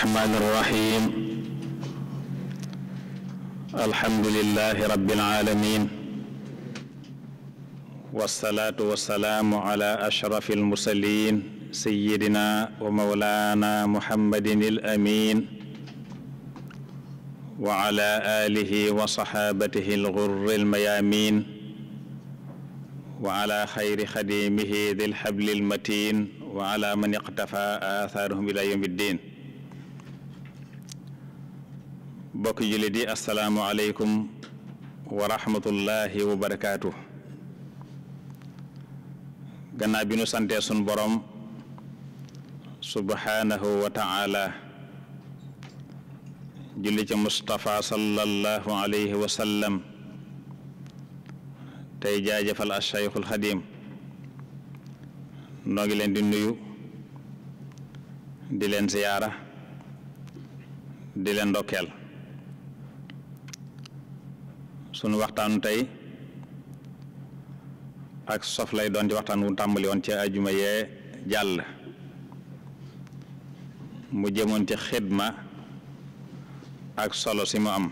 الرحمن الرحيم الحمد لله رب العالمين والصلاة والسلام على أشرف المرسلين سيدنا ومولانا محمد الأمين وعلى آله وصحابته الغر الميامين وعلى خير خديمه ذي الحبل المتين وعلى من اقتفى آثارهم إلى يوم الدين bokk jullit yi asalaamualeykum wa rahmatullahi wa barakaatu gannaaw bi nu santee sun borom subhaanahu wa ta'ala julli ci Mustafa sallallahu alayhi wa sallam tey jaajëfal ashaykhul xadim noo ngi leen di nuyu di leen ziyaara di leen ndokkeel sunu waxtaanu tey ak sof lay doon ci waxtaan wu tàmbali woon ci ajuma yee jàll mu jëmoon ci xidma ak solo si mu am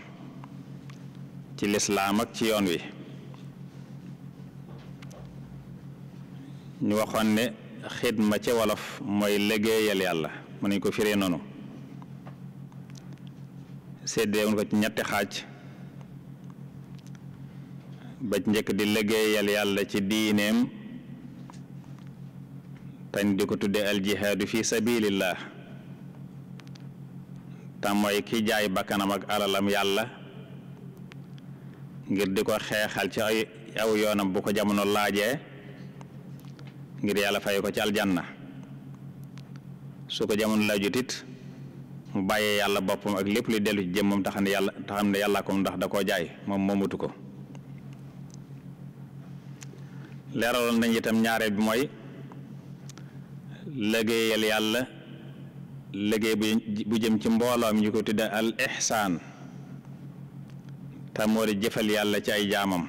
ci lislaam ak ci yoon wi ñu waxoon ne xidma ci wolof mooy liggéeyal yàlla mën nañ ko firee noonu séddee woon ko ñetti xaaj ba njëkk di liggéeyal yàlla ci diineem tañ di ko tudde aljihaadu fi sabilillah te mooy ki jaay bakkanam ak alalam yàlla ngir di ko xeexal ci ay aw yoonam bu ko jamono laajee ngir yàlla fay ko ci aljanna su ko jamono laajutit mu bàyyee yàlla boppam ak lépp luy dellu ci jëmmam taxam ne yàlla taxam ne yàlla ko ndax da koo jaay moom moomutu ko leeraloon nañ itam ñaareel bi mooy liggéeyal yàlla liggéey bu jëm ci mbooloo mi ko tudde al ihsaan te jëfal yàlla ci ay jaamam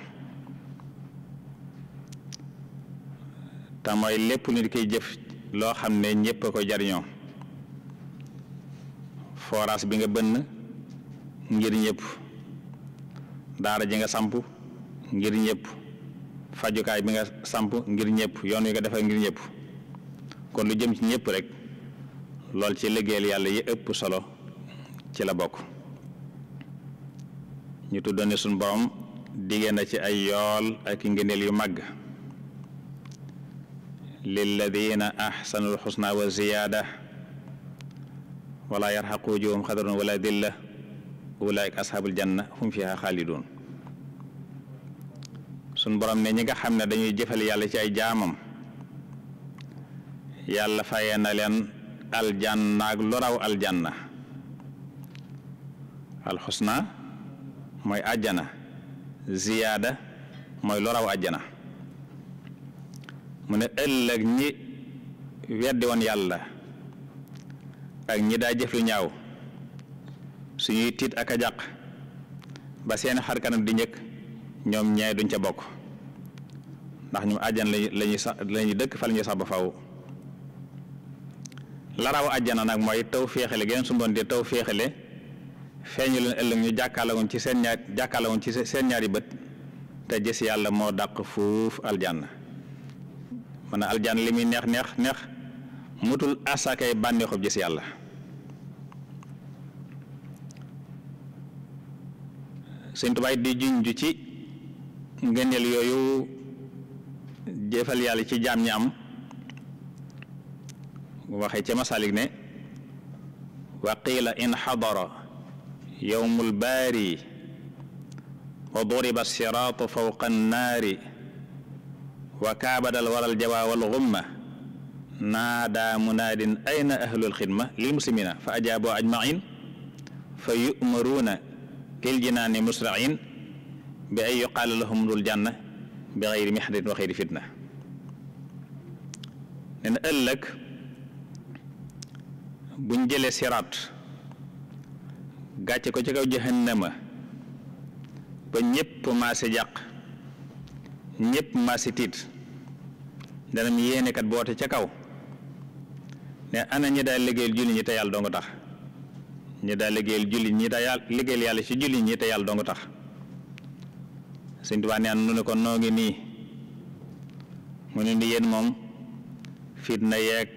te lépp nit koy jëf loo xam ne ñépp a ko jariñoo foraas bi nga bënn ngir ñépp daara ji nga samp ngir ñépp fajukaay bi nga samp ngir ñëpp yoon wi nga defal ngir ñëpp kon lu jëm ci ñëpp rek lool ci liggéeyal yàlla yi ëpp solo ci la bokk ñu tuddoon ne suñu borom diggée ci ay yool ak ngëneel yu màgg lilladina ahsanul xusna wa ziyaada wala yarxaqu wujuhum xadarun wala dilla ulaika ashabul janna hum fiha xaalidun sunu borom ne ñi nga xam ne dañuy jëfal yàlla ci ay jaamam yàlla fayee na leen aljanna ak lu raw aljanna alxusna mooy àjjana ziyaada mooy lu raw àjjana mu ne ëllëg ñi weddi yàlla ak ñi daa jëf ñaaw suñuy tiit ak a jàq ba seen xar di njëkk ñoom ñee duñ ca bokk ndax ñoom àjjana lañuy lañuy dëkk fa lañuy sax ba faw laraw àjjana nag mooy taw féexale geneen su mboon di taw féexale feeñu leen ëllëg ñu jàkkaarloo ci seen ci seen ñaari bët te gis yàlla moo dàq fuuf aljanna man a aljanna li muy neex neex neex mutul asakay bànneexub gis yàlla sëñ tubaay di juñ ci ngëneel yooyu jëfal yàlla ci jaam ñi am waxee ca masalik ne wa qiila in xadara yowmul baari wa duriba siraatu fawqa annaari wa kaabadal waral jawaa wal gumma naadaa munaadin ayna ahlul xidma lil muslimina fa ajaaboo ajmain fa yu'maruuna lil jinaani musrain bi ay yuqaala lahum dul janna bi xayri mihdatin waxee di fitna nee ëllëg buñ jëlee siraat gàcce ko ci kaw ma ba ñépp maase jàq ñépp maase tiit danam yéenekat boote ca kaw ne ana ñi daal liggéeyal julli ñi te yàlla dong tax ñi daal liggéeyal julli ñi te yàlla liggéeyal yàlla ci ñi te yàlla dong tax sëñ Tuubaa nee ne ko noo ngi nii mu ne ni yéen moom fitna yeeg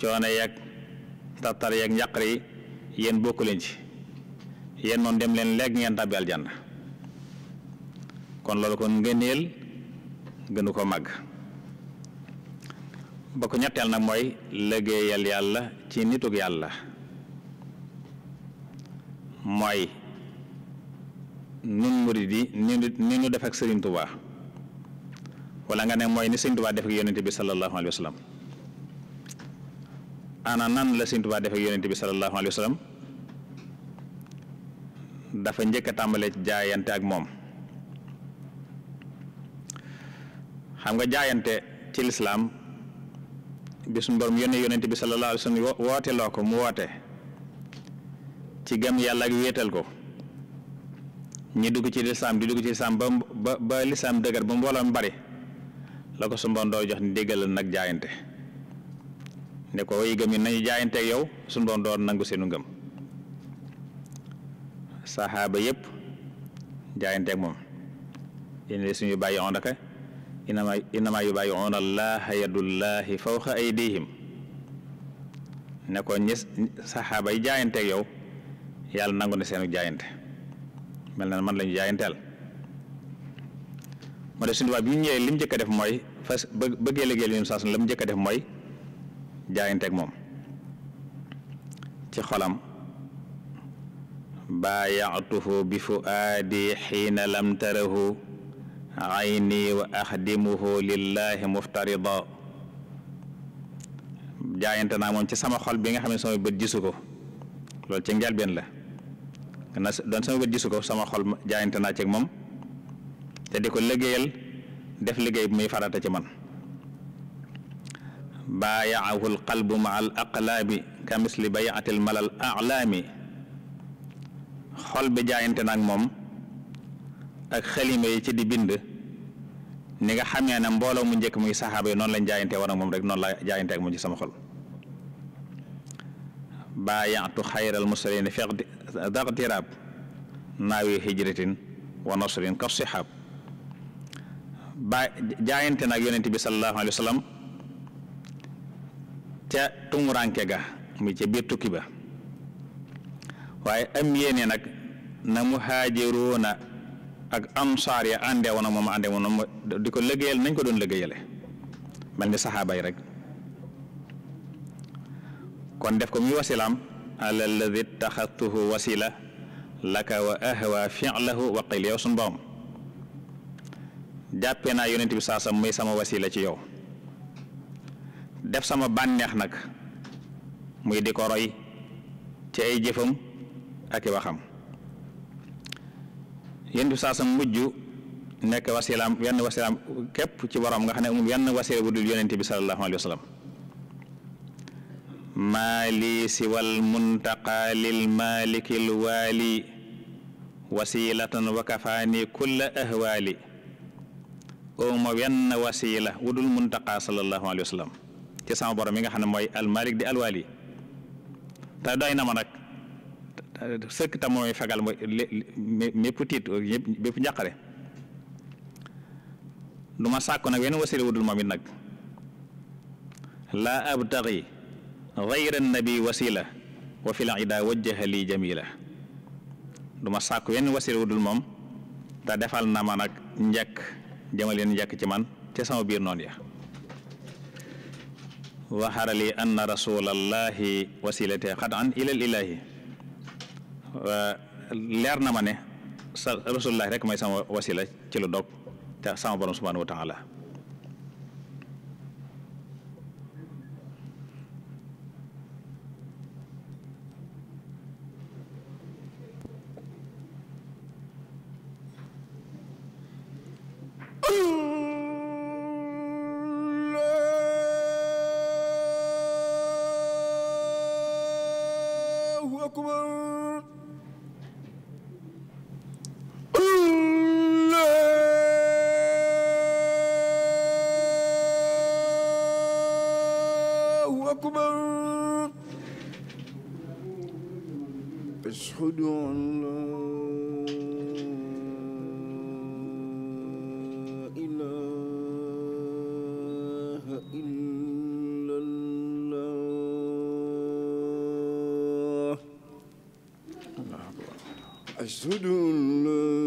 coono yeeg tartar yeeg njàqar yi yéen bokku leen ci yéen moom dem leen léegi ngeen tàbbi aljanna kon loolu kon ngëneel gënu ko màgg bokk ko ñetteel nag mooy liggéeyal yàlla ci nituk yàlla mooy nun murid yi ni ni nu def ak Serigne Touba wala nga ne mooy ni Serigne Touba def ak yonent bi sallallahu alayhi wa nan la Serigne Touba def ak yonent bi sallallahu dafa njëkk a tàmbale jaayante ak moom xam nga jaayante ci lislaam bi suñu borom yónnee yonent bi sallallahu alayhi wa sallam woote ko mu woote ci gëm yàlla ak wéetal ko ñi dugg ci lislaam di dugg ci lislaam ba ba ba lislaam dëgër ba mbooloo mu la ko su jox ni nag jaayante ne ko way gëm yi nañu jaayante yow su mboon doo nangu seenu ngëm saxaaba yépp jaayante ak moom yéen suñu bàyyi on daka inama inama yu bàyyi on allaha yadullahi ne ko ñi saxaaba yi jaayante yow yàlla nangu ne seenu jaayante mel na man lañu ñu jaayanteel moo def suñu bi ñu ñëwee li mu njëkk def mooy fas bëggee liggéeyal yoonu saa la mu jëkk def mooy jaayanteeg moom ci xolam baayatuhu bi fuaadi xiina lam tarahu wa axdimuhu lillahi muftarida jaayante naa moom ci sama xol bi nga xam ne sama bët gisu ko loolu ci njalbeen la na doon sama bët gisu ko sama xol jaayante naa ci ak moom te ko liggéeyal def liggéey bu muy farata ci man baayahu al qalbu ma al aqlaabi ka misli bayaati al malal alaami xol bi jaayante na ak moom ak xalima yi ci di bind ni nga xamee ne mbooloo mu njëkk muy saxaaba yi noonu lañ jaayante war moom rek noonu la jaayante ak moom ci sama xol baayaatu xayral mursaliin fi ذا اغتراب naawi hijratin wa nasrin kaf sihab ba nag yonent bi sallallahu alayhi wa ca tumuranke ga muy ca biir tukki ba waaye am yéene nag na muhaajiroona ak ansaar ya àndee moom àndee di ko liggéeyal nañ ko doon liggéeyale mel ni saxaaba rek kon def ko muy wasilaam ala alladi taxatuhu wasila laka wa ahwa filahu wa qil yow suñ borom jàppee naa yonent bi saasam muy sama wasila ci yow def sama bànneex nag muy di ko roy ci ay jëfam ak i waxam yonent bi saasam mujj nekk wasilaam yenn wasilaam képp ci borom nga xam ne amul yenn wasila bu dul yonent bi sallallahu alayhi wa maali siwa muntaqa lil malikil waali wasilatan wa kafaani kulla ahwaali uma wenn wasila wudul muntaqa sallallahu alayhi wa sallam sama borom mi nga xam ne mooy almalik di alwaali te doy na ma nag sëkk tam mooy fegal mooy mépp tiit bépp njàqare du ma sàkku nag wenn wasila wudul moom it nag laa gayra nabi wasila wa fil ida wajjaha li jamila du ma sàkk wenn wasila wudul moom te defal na ma nag njëkk jamaleen njëkk ci man ca sama biir noon ya waxarali anna rasulallahi wasilate xat an ilal leer na ma ne sa rasulullahi rek mooy sama wasila ci la dog te sama borom subhanahu wa أشهد أن لا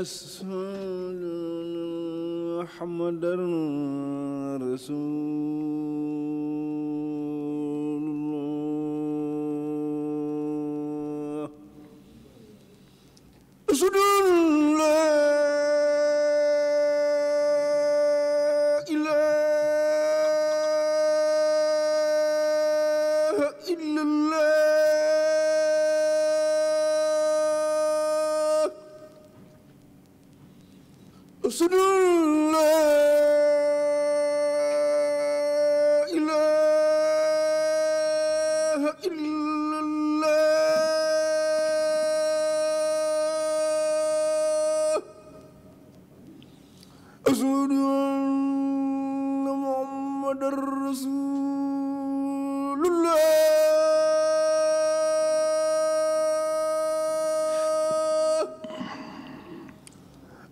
أشهد أن محمدا رسول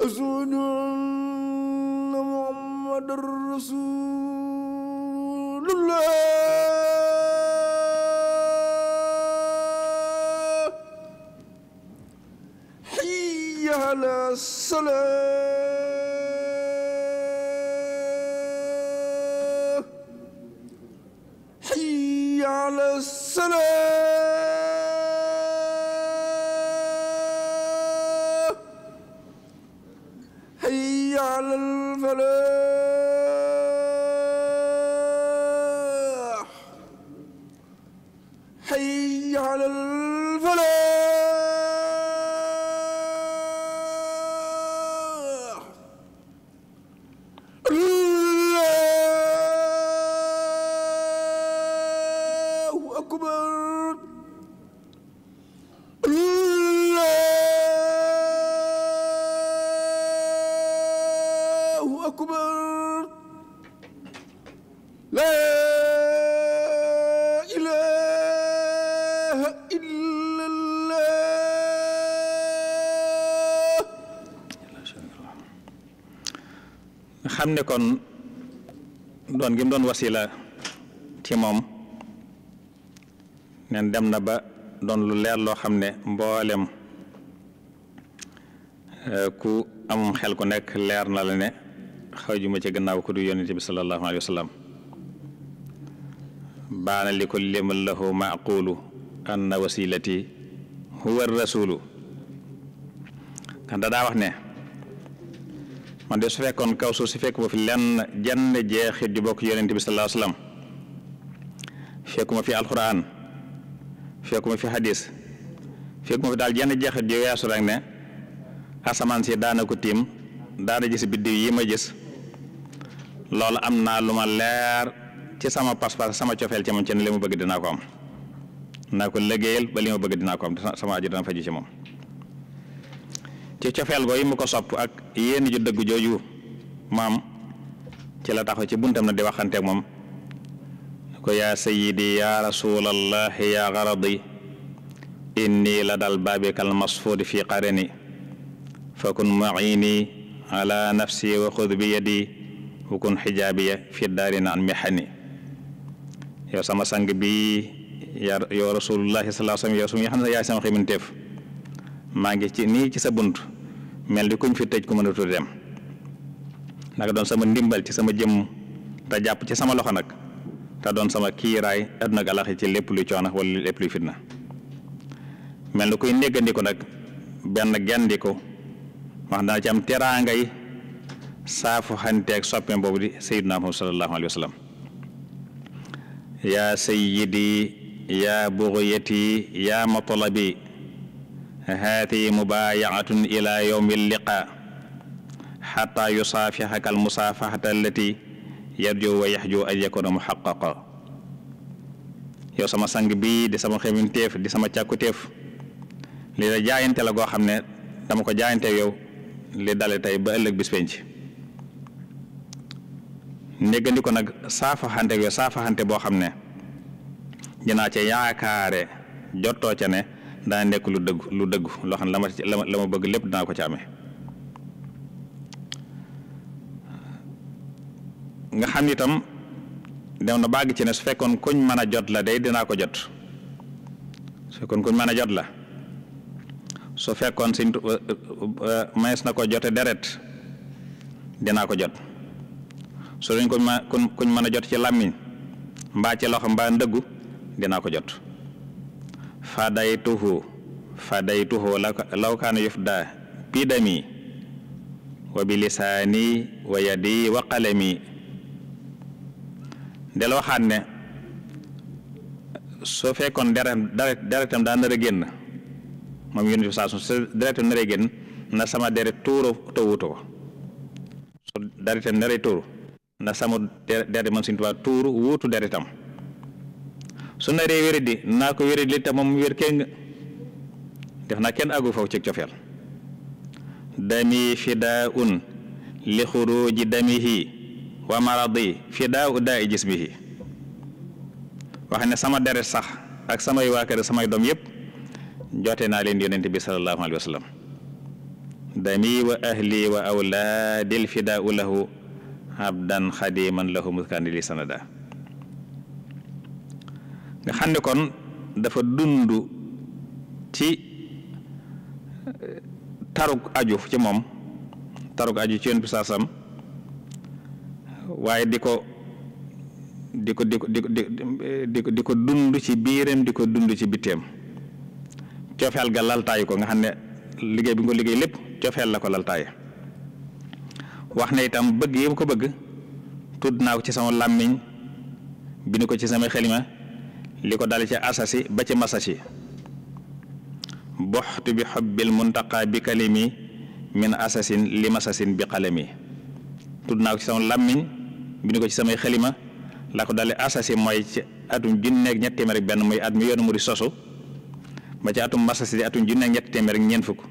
أشهد أن محمد رسول الله حي على الصلاه xam ne kon doon gi mu wasila ci moom neen dem na ba doon lu leer loo xam ne mboolem eh, ku am xel ku nekk leer na la ne xajuma ci gannaaw ku du yonente bi sallallahu alayhi wa sallam li kulli man lahu maaqulu anna wasilati huwa rasulu ndax daa wax ne man de su fekkoon kaw suuf si fekk ma fi lenn jenn jeexit ju bokk yonent bi sallallahu alayhi wasallam fekkuma fi alxuraan fekkuma fi hadis fekkuma fi daal jenn jeexit ju weesu rek ne asamaan si daana ko tiim daana gis biddiw yi ma gis loolu am naa lu ma leer ci sama pas-pas sama cofeel ci moom ci ne li ma bëgg dinaa ko am naa ko liggéeyal ba li ma bëgg dinaa ko am sama aju dana faju ci moom ci cofeel go yi ko sopp ak yéen ju dëgg jooju maam ci la taxaw ci buntam na di waxanteek moom ko yaa sayidi yaa rasulallahi yaa garadi inni la dal baabikal masfuudi fi qarani fa kun maini ala nafsi wa xud bi yadi wa kun xijaabiya fi daari naan mihani yow sama sang bi yaa yow rasulullahi sama ximinteef maa ngi ci nii ci sa bunt mel ni kuñ fi tëj ku mënatu dem naka doon sama ndimbal ci sama jëm te jàpp ci sama loxo nag te doon sama kiiraay àdduna ak alaxi ci lépp luy coono wala lépp luy fitna mel ni kuy néggandiku nag benn gendiku wax dana ci am teraangay saafu xanteeg soppeem boobu di sayyidina Muhammad sallallahu alayhi wa sallam yaa sayyidi yaa bughiyati yaa matlabi haatihi mubaayaatun ila yowmi liqa xata yusaafixaka almusaafaxata allati yarju wa yaxju an yakuna muxaqaqa yow sama sang bi di sama xeminteef di sama càkkuteef lii la jaayante la goo xam ne dama ko jaayante yow li dale tey ba ëllëg bis penc néggandi ko nag saafaxante yow saafaxante boo xam ne dinaa ca yaakaare jottoo ca ne daa nekk lu dëgg lu dëgg loo xam ne la ma la ma bëgg lépp dinaa ko ci amee nga xam itam dem na baag ci ne su fekkoon koñ mën a jot la day dinaa ko jot su fekkoon kuñ mën a jot la su fekkoon siñ euh, euh, euh, mayees na ko jote deret dinaa ko jot su duñ kuñ ma kuñ mën a jot ci làmmiñ mbaa ci loxo mbaa ndëggu dinaa ko jot fadaytuhu fadaytuhu law kaana yufda bidami wa bilisaani wa yadi wa qalami del waxaat ne su fekkoon deretam da daa nar a génn moom yonent deretam nar a génn na sama deret tuuru ko su deretam nar a tuuru na sama deret man Sëriñ tuuru wuutu deretam su naree wéradi naa ko wéradi te moom wér kéng def na kenn àggu foofu ci cofeel dami fidaa un li xuruji damihi wa maradi fidaa u daa i jismihi wax ne sama deret sax ak samay waa kër samay doom yépp jote naa leen yonent bi sallallahu alayhi wa sallam dami wa ahli wa awlaadil fidaa u lahu abdan xadiman lahu muskaani sanada nga xam ne kon dafa dund ci eh, tarug aju ci moom tarug aju ci yoon bi saasam waaye di ko di ko di ko di ko di ko di ko dund ci biiram di ko dund ci bitteem coofeel ga laltaayu ko nga xam ne liggéey bi nga ko liggéey lépp coofeel la ko laltaaye wax na itam bëgg yëpp ko bëgg tudd naa ko ci sama làmmiñ bind ko ci sama xelima li ko dale ci asasi ba ci masasi boxtu bi xobbil muntaqa bi kalimi min asasin li masasin bi mi tudd naa ko ci sama làmmiñ bind ko ci samay xalima la ko dale asasi mooy ci atum junneeg ñetti mi yoonu mu di sosu ba ci atum masasi ñetti téeméer ak ñeent fukk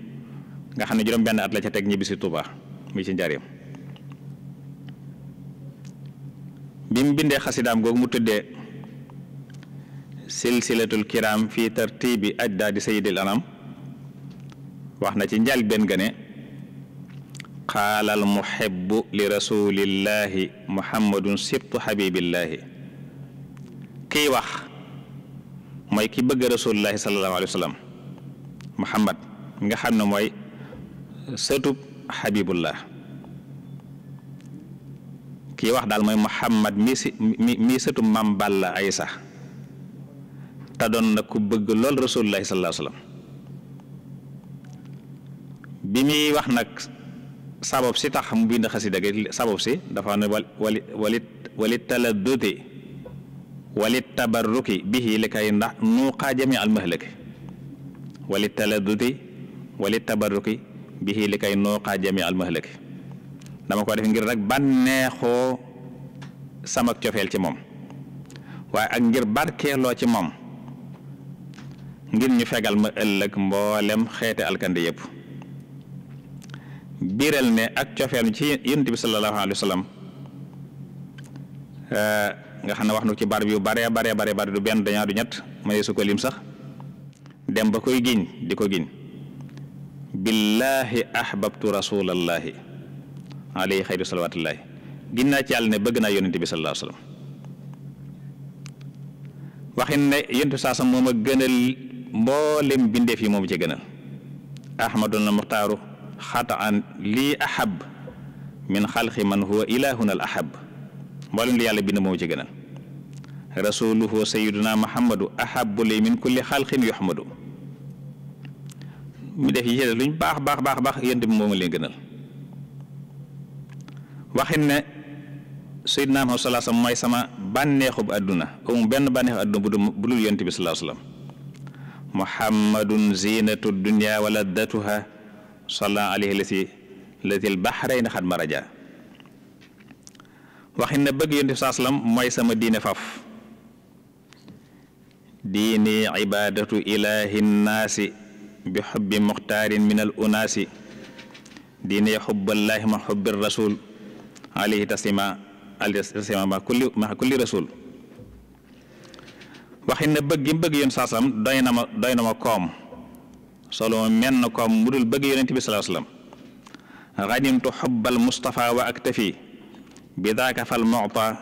nga xam ne juróom benn at la ca teg ñibbi si Tuubaa muy ci njaareem bi mu bindee xasidaam googu mu tëddee silsilatul kiram fi tartibi ajdaadi sayidil anam wax na ci njalbeen ga ne xaalal muhibbu li rasulillahi muhammadun sibtu xabibillaahi kiy wax mooy ki bëgg rasulillahi sallallahu alayhi wa sallam muhammad nga xam ne mooy sëtub xabibullah kiy wax daal mooy muhammad mi sëtub mam balla ay te doon nag ku bëgg lool rasulullahi sallallahu alayhi wasallam bi muy wax nag sabab si tax mu bind xasida gi sabab si dafa ne wali walit walit taladduti walit tabarruki bihi li kay ndax nuuqaa jami al mahlaki walit taladduti walit tabarruki bihi li kay nuuqaa jami al mahlaki dama ko def ngir rek bànneexoo sama cofeel ci moom waaye ak ngir barkeeloo ci moom ngir ñu fegal ma ëllëg mboolem xeete alkande yépp biiral ne ak cofeel ci yonent bi sallallahu alayhi wa eh, nga xam ne wax nu ci barab yu bare bare bare bare du benn dañaa du ñett maye su ko lim sax dem ba koy giñ di ko giñ billaahi ahbabtu rasulallaahi alayhi xayru salawatullaahi giñ naa ci yàlla ne bëgg naa yonent bi sallallahu alayhi waxin ne yonent saa sax moom a gënal mboolem bindeef yi moom ci gënal ahmaduna muxtaaru xataan lii ahab min xalqi man huwa ilahuna al ahab mboolem li yàlla bind moom ci gënal rasuluhu sayiduna muhammadu ahabu li min kulli xalqin yuhmadu mi def yi ci luñ baax baax baax baax yent bi moom leen gënal waxin ne sayiduna muhammad salaa sallam may sama bànneexu bànneexub àdduna amul benn bànneexub àdduna bu dul yent bi salaa sallam muhammadun zinatu dunia wa laddatuha salla alayhi lati lati albahrayni xad maraja waxin na bëgg yonent bi saa sallam mooy sama diine faf diini ibaadatu ilaahi nnaasi bi xubbi muxtaarin min al unaasi diini xubballaahi ma xubbi rasul alayhi taslima alayhi taslima ma kulli ma kulli rasul waxin ne bëgg gi saasam doy na ma doy na ma koom solo ma menn mu dul bëgg yonent bi salaa sallam xanimtu xubbal Mustafa wa aktafi bi daaka fal muta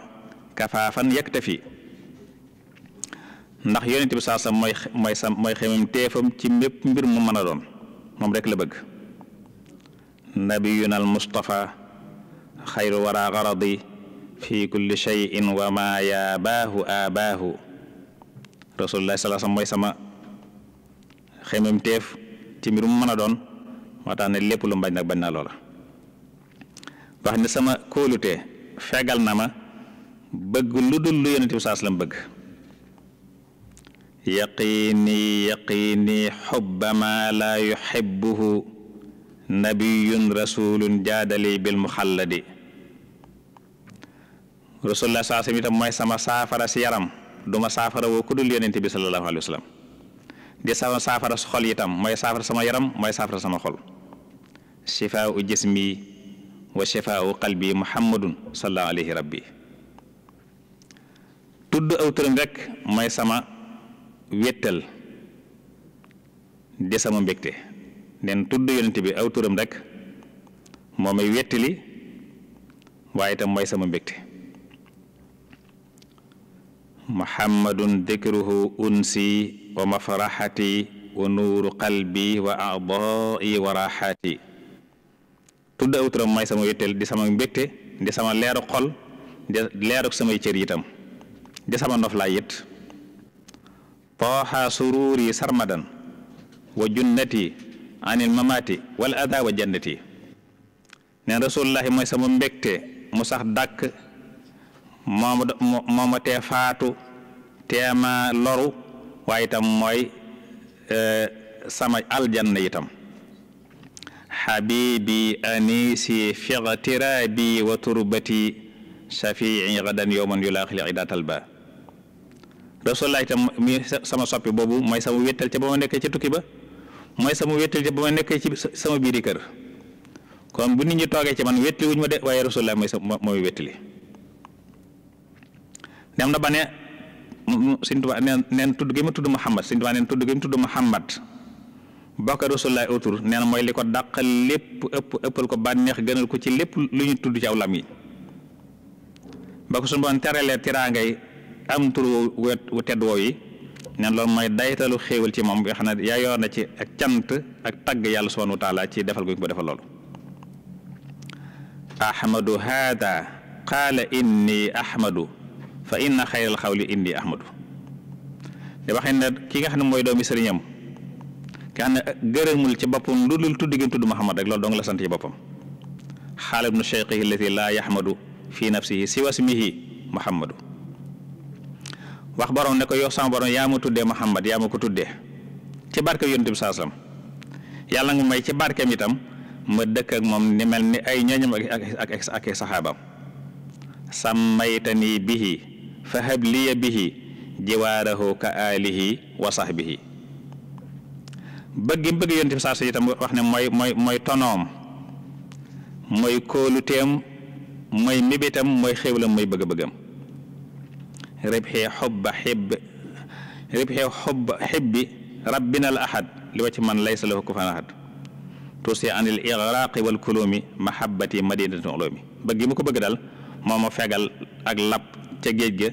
kafaafan yaktafi ndax yonent bi saa sam mooy mooy sam mooy mbir mu mën a doon moom rek la bëgg nabiyuna al mustafa xayru wara garadi fi kulli cheyin wa ma yaabaahu aabaahu rasulullah sallallahu mooy sama xemem teef ci mbir mu doon moo ne lépp lu mbañ nag bañ naa loola wax ne sama kóolutee fegal na ma bëgg lu dul lu yonent bi saa bëgg yaqiini yaqiini xubba ma laa yuxibbuhu nabiyun rasulun jaadali bil muxalladi rasulullah sallallahu alayhi wasallam mooy sama saafara si yaram du ma saafara woo ku dul yonente bi sallallahu alayhi wa sallam di sama saafara xol itam mooy saafara sama yaram mooy saafara sama xol shifaau jismi wa shifaau qalbi muhammadun sallallahu alayhi rabbi tudd aw turam rek mooy sama wéttal di sama mbégte nen tudd yonente bi aw turam rek moo may wéttali waaye tam mooy sama mbégte muhammadun dikruhu unsi wa mafraxati wa nuuru qalbi wa aadaa'i wa raaxaati tudd aw may sama wéttal di sama mbégte di sama leeru xol di leeru samay cër yitam di sama noflaay it tooxa suruuri sarmadan wa junnati anil mamaati wal adaa wa jannati neen rasulullahi mooy sama mbégte mu sax dàkk moom mooma tee faatu teema loru waaye itam mooy e, sama aljanna itam xabibi anisi fiqtirabi wa turbati shafii gadan yowman yulaaxil idatal ba rasulullah itam mi sama soppi boobu mooy sama wéttal ca ba nekkee ca tukki mooy sama wéttal ca ba ma nekkee ci sama biiri kër kon bu nit ñi toogee ci man wéttali wuñ ma de waaye rasulullah mooy sama mooy wéttali dem na ba ne sëñ Tuubaa neen neen tudd gi ma tudd Muhammad sëñ Tuubaa neen tudd gi ma tudd Muhammad bokk rasulullaay autour nee na mooy li ko dàqal lépp ëpp ëppal ko bànneex gënal ko ci lépp lu ñu tudd ci aw lam yi ba ko suñu boon teralee tiraangay am tur wu tedd woow yi neen loolu mooy daytalu xéewal ci moom yoo xam ne yaa yor na ci ak cant ak tagg yàlla subhaanahu wa taala ci defal guñ ko defal loolu ahmadu haada qaala inni ahmadu fa inna xaw li indi ahmadu da waxee ne ki nga xam ne mooy doomi sëriñam nga xam ne gërëmul ci boppam lu dul tudd gi tudd Muhammad rek loolu dong la sant ci boppam xaal ibnu cheikhihi allati laa yahmadu fi nafsihi siwa ismihi Muhammadu wax borom ne ko yow sama borom yaa ma tuddee Muhammad yaa ma ko tuddee ci barke yonent bi saasam yàlla nga may ci barkeem itam ma dëkk moom ni mel ni ay ñooñam ak ak ak saxaabam sammaytani bihi fa hab liya bihi jiwaarahu ka aalihi wa sahbihi bëgg bëgg yonent bi saa sa itam wax ne mooy mooy mooy tonoom mooy kóoluteem mooy mibitam mooy xéwlam mooy bëgg-bëggam ribxee xubba xibb ribxee xubba xibbi rabbina al li wa ci man laysa lahu kufan ahad tuusi an il igraqi wal kulumi mahabbati madinati ulumi bëgg yi mu ko bëgg daal moo ma fegal ak lab ca géej ga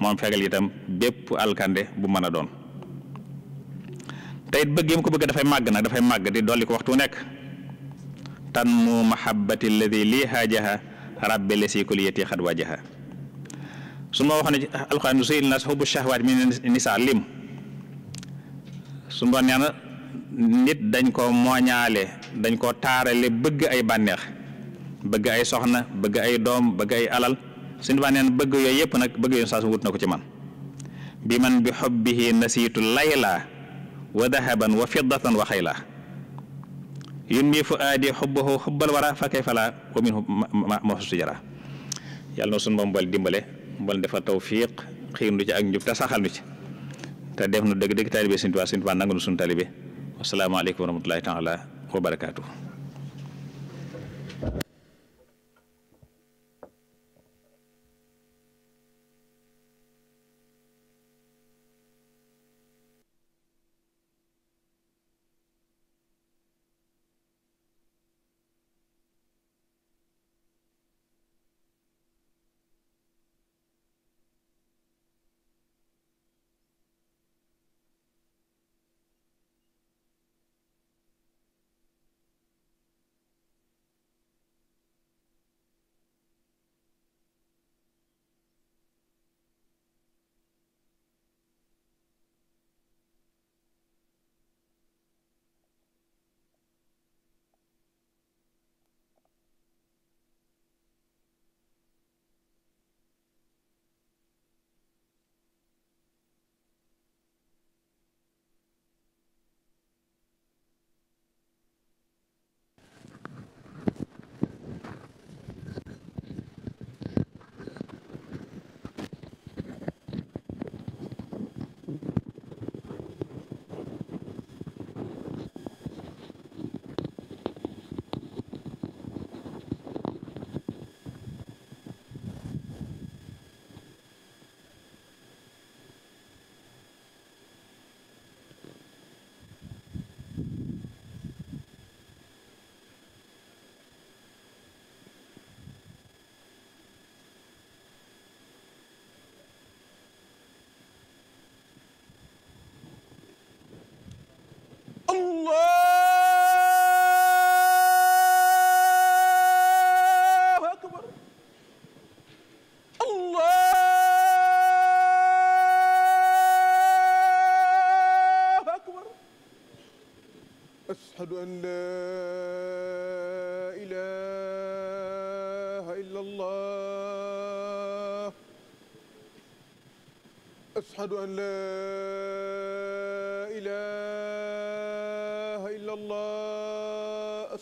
moom fegal itam bépp alkande bu mën a doon teyit bëggee mu ko bëgg dafay màgg nag dafay màgg di dolli ko waxtu nekk tan mu mahabbati alladi lii haajaha rabbi lesi kuliyati xad wajaha su ma wax ne alxuraan su il nas xubbu shahwaat mi ne nisaa lim su ma nee na nit dañ ko mooñaale dañ ko taarale bëgg ay bànneex bëgg ay soxna bëgg ay doom bëgg ay alal suñu baa neen bëgg yooyu yëpp nag bëgg yooyu saasu wut na ko ci man bi man bi xobbihi nasiitu layla wa dahaban wa fiddatan wa xayla yun mii fu aadi xubbahu xubbal wara fa kay fala wa minhu maxsusu jara yàlla na suñu moom bal dimbale mbal dafa tawfiq xiir nu ci ak njub te saxal nu ci te def nu dëgg dëgg taalibe Sëñ Tuubaa Sëñ Tuubaa nangu nu suñu taalibe wasalaamaaleykum wa rahmatullahi taala wa barakaatu allahu akbar allahu akbar ashhadu an laa ilaaha illa allah ashhadu an laa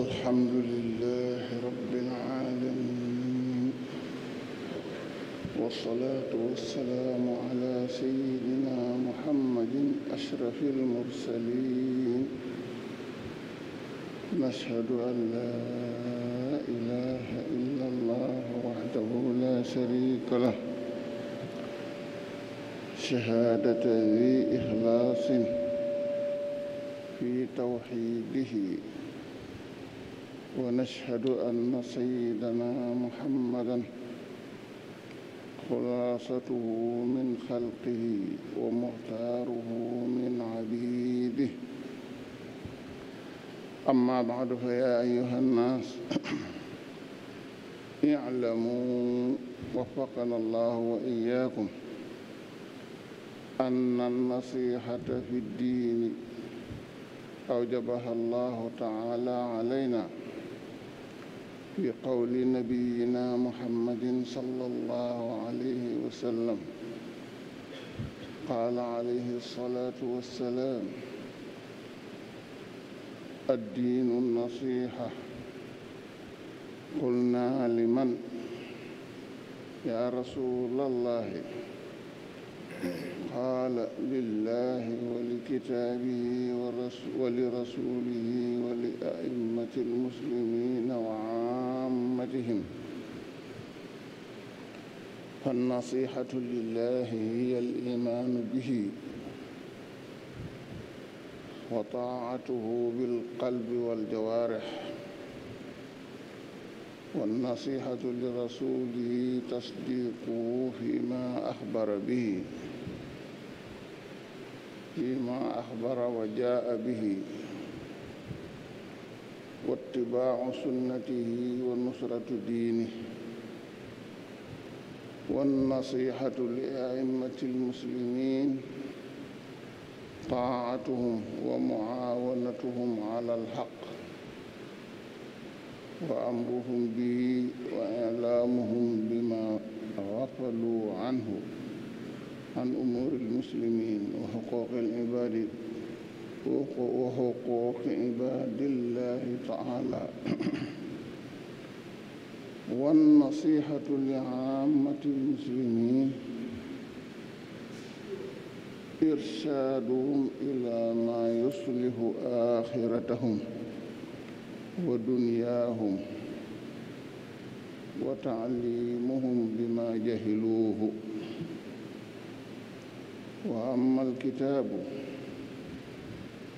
الحمد لله رب العالمين والصلاة والسلام على سيدنا محمد أشرف المرسلين نشهد أن لا إله إلا الله وحده لا شريك له شهادة ذي إخلاص في توحيده ونشهد أن سيدنا محمدا خلاصته من خلقه ومختاره من عبيده أما بعد فيا أيها الناس اعلموا وفقنا الله وإياكم أن النصيحة في الدين أوجبها الله تعالى علينا في قول نبينا محمد صلى الله عليه وسلم قال عليه الصلاة والسلام الدين النصيحة قلنا لمن يا رسول الله قال لله ولكتابه ولرسوله ولأئمة المسلمين وعامتهم فالنصيحة لله هي الإيمان به وطاعته بالقلب والجوارح والنصيحة لرسوله تصديقه فيما أخبر به فيما أخبر وجاء به واتباع سنته ونصرة دينه والنصيحة لأئمة المسلمين طاعتهم ومعاونتهم على الحق وأمرهم به وإعلامهم بما غفلوا عنه عن أمور المسلمين وحقوق العباد وحقوق عباد الله تعالى والنصيحة لعامة المسلمين إرشادهم إلى ما يصلح آخرتهم ودنياهم وتعليمهم بما جهلوه وأما الكتاب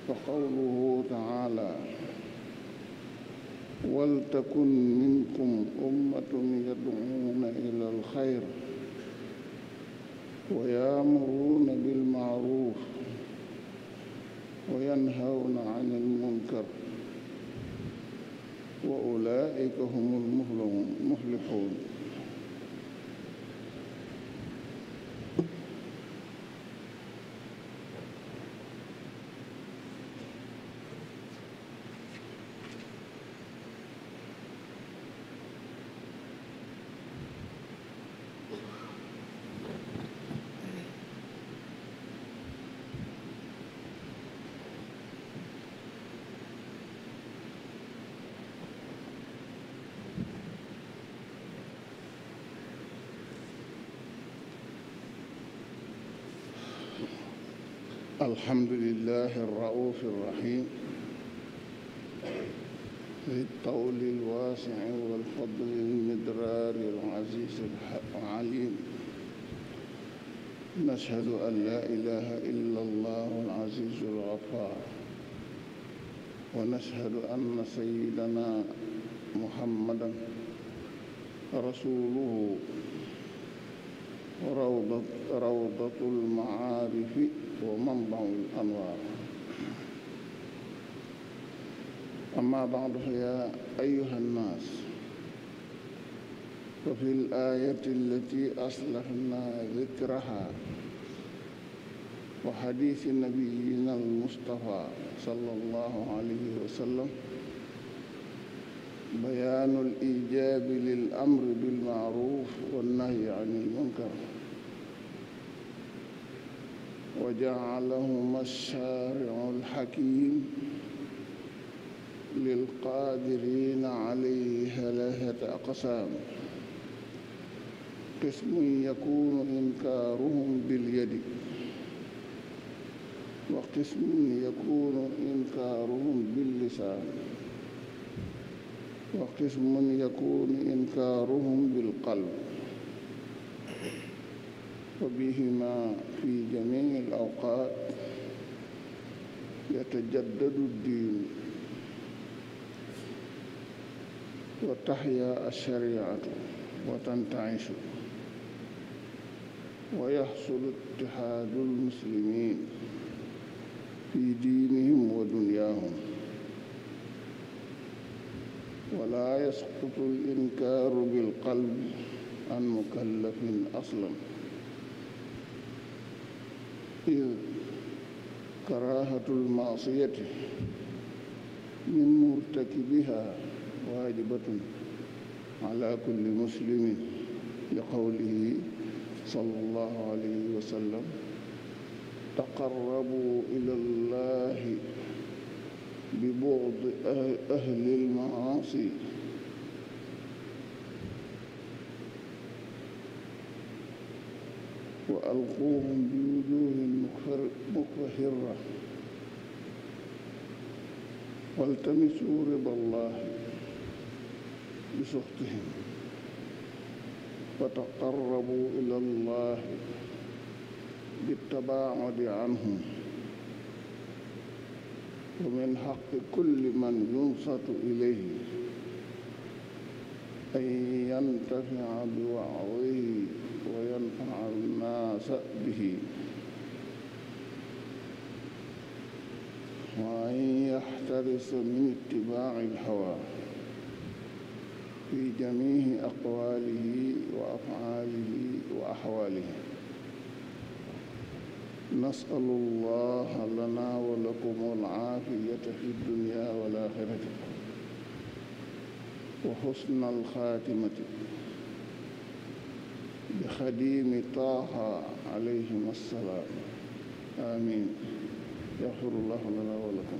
فقوله تعالى ولتكن منكم أمة يدعون إلى الخير ويامرون بالمعروف وينهون عن المنكر وأولئك هم المفلحون الحمد لله الرؤوف الرحيم ذي الطول الواسع والفضل المدرار العزيز العليم نشهد أن لا إله إلا الله العزيز الغفار ونشهد أن سيدنا محمدا رسوله روضة, روضة المعارف ومنبع الأنوار أما بعد فيا أيها الناس وفي الآية التي أصلحنا ذكرها وحديث نبينا المصطفى صلى الله عليه وسلم بيان الإيجاب للأمر بالمعروف والنهي عن المنكر وجعلهما الشارع الحكيم للقادرين عليه ثلاثة أقسام قسم يكون إنكارهم باليد وقسم يكون إنكارهم باللسان وقسم يكون إنكارهم بالقلب وبهما في جميع الأوقات يتجدد الدين وتحيا الشريعة وتنتعش ويحصل اتحاد المسلمين في دينهم ودنياهم ولا يسقط الإنكار بالقلب عن مكلف أصلاً إذ كراهة المعصية من مرتكبها واجبة على كل مسلم لقوله صلى الله عليه وسلم تقربوا إلى الله ببعض أهل المعاصي وألقوهم بوجوه مكفهرة والتمسوا رضا الله بسخطهم وتقربوا إلى الله بالتباعد عنهم ومن حق كل من ينصت إليه أن ينتفع بوعظ وينفع الناس به وأن يحترس من اتباع الهوى في جميع أقواله وأفعاله وأحواله نسأل الله لنا ولكم العافية في الدنيا والآخرة وحسن الخاتمة بخديم طه عليهم السلام آمين يغفر الله لنا ولكم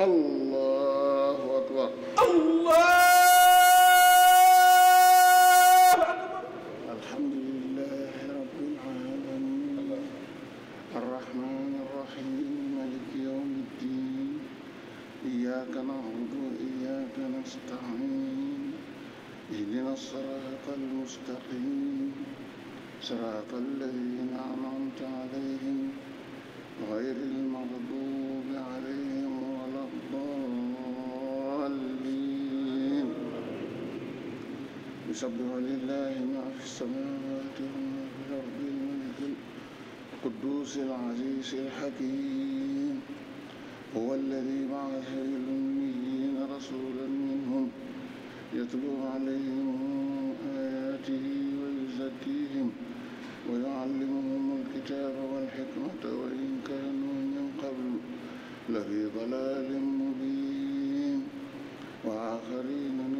allahu akbar allahu akbar alhamdulillahi rabbil alamin arrahman arrahim maliki yawmi ddin iyyaka na'budu wa iyyaka nasta'in اهدنا الصراط المستقيم صراط الذين أنعمت عليهم غير المغضوب عليهم يسبح لله ما في السماوات وما في الأرض الملك القدوس العزيز الحكيم هو الذي بعث في الأميين رسولا منهم يتلو عليهم آياته ويزكيهم ويعلمهم الكتاب والحكمة وإن كانوا من قبل لفي ضلال مبين وآخرين من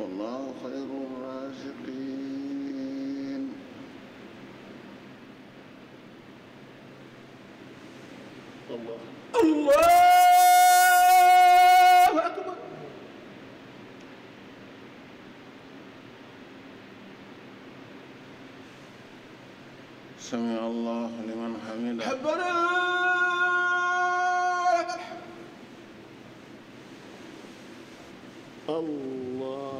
والله خير الرازقين الله الله أكبر سمع الله لمن حمده حبنا الله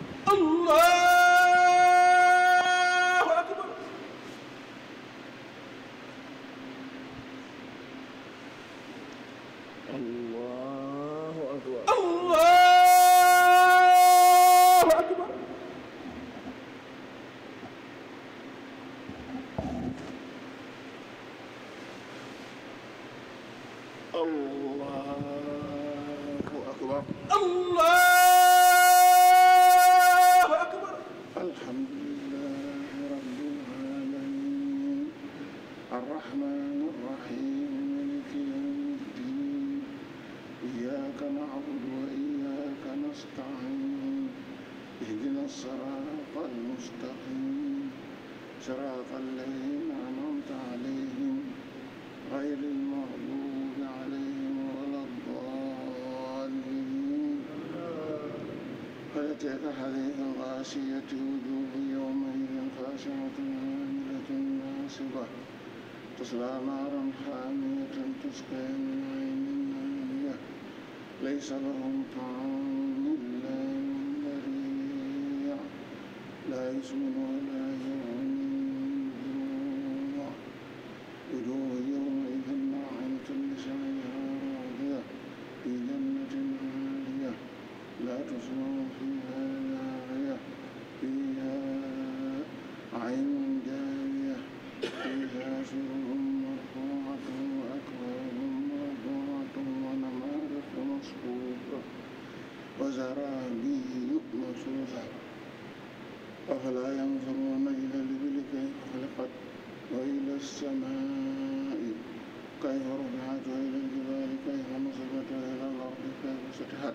الفتوحات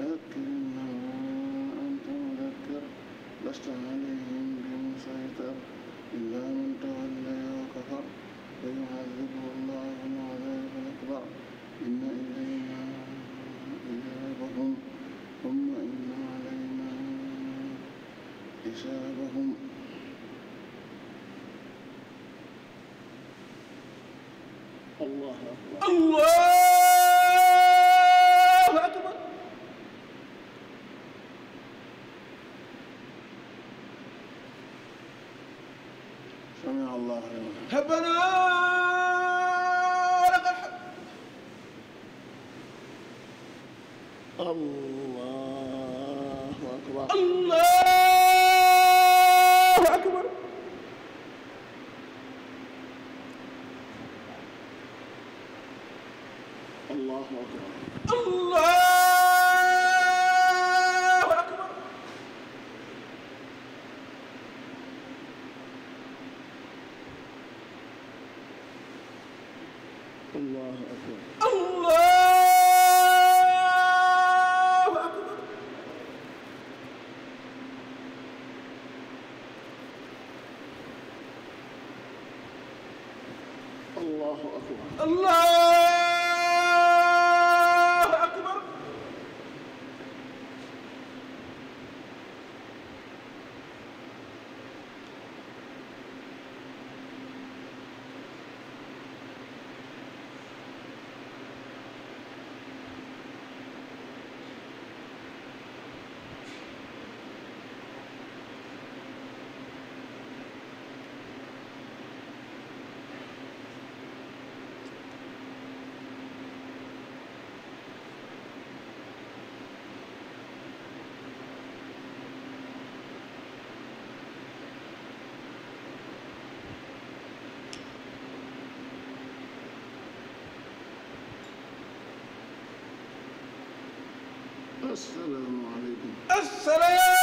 ذكر إنما أنت مذكر لست عليهم بمسيطر إلا من تولى وكفر فيعذبه الله العذاب الأكبر إن إلينا إيابهم ثم إن علينا حسابهم الله أكبر الله asalaamaaleykum. asalaamaaleykum.